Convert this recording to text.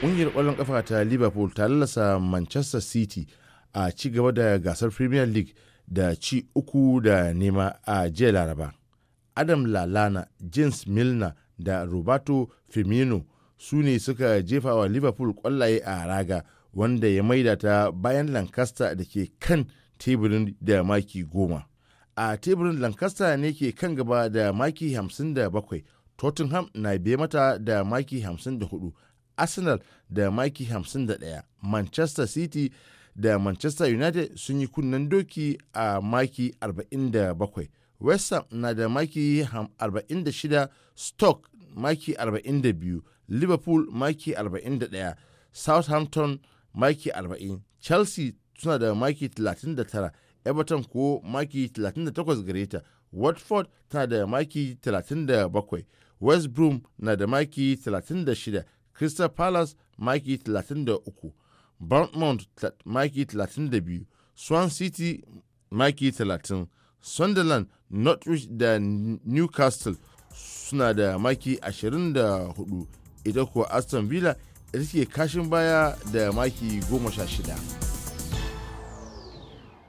ƙungiyar ƙwallon ƙafa ta liverpool ta lalasa manchester city a ci gaba da gasar premier league da ci uku da nema a jiya laraba adam lalana james milner da roberto firmino su ne suka jefa wa liverpool kwallaye a raga wanda ya maida ta bayan lancaster da ke kan teburin da maki goma a teburin lancaster ne ke kan gaba da maki 57 tottenham na biye mata da maki 54 arsenal da maki 51 manchester city da manchester united sun yi kunnen doki a maki 47 west ham na da maki 46 stoke maki 42 liverpool maki 41 southampton maki 40 chelsea suna da maki 39 everton ko maki 38 gare ta watford tana da maki 37 west brom na da maki 36 crystal palace maki 33 bournemouth maki 32 swan city maki 30 sunderland northwich da newcastle suna da maki 24 ita kuwa aston villa ita ke kashin baya da maki 16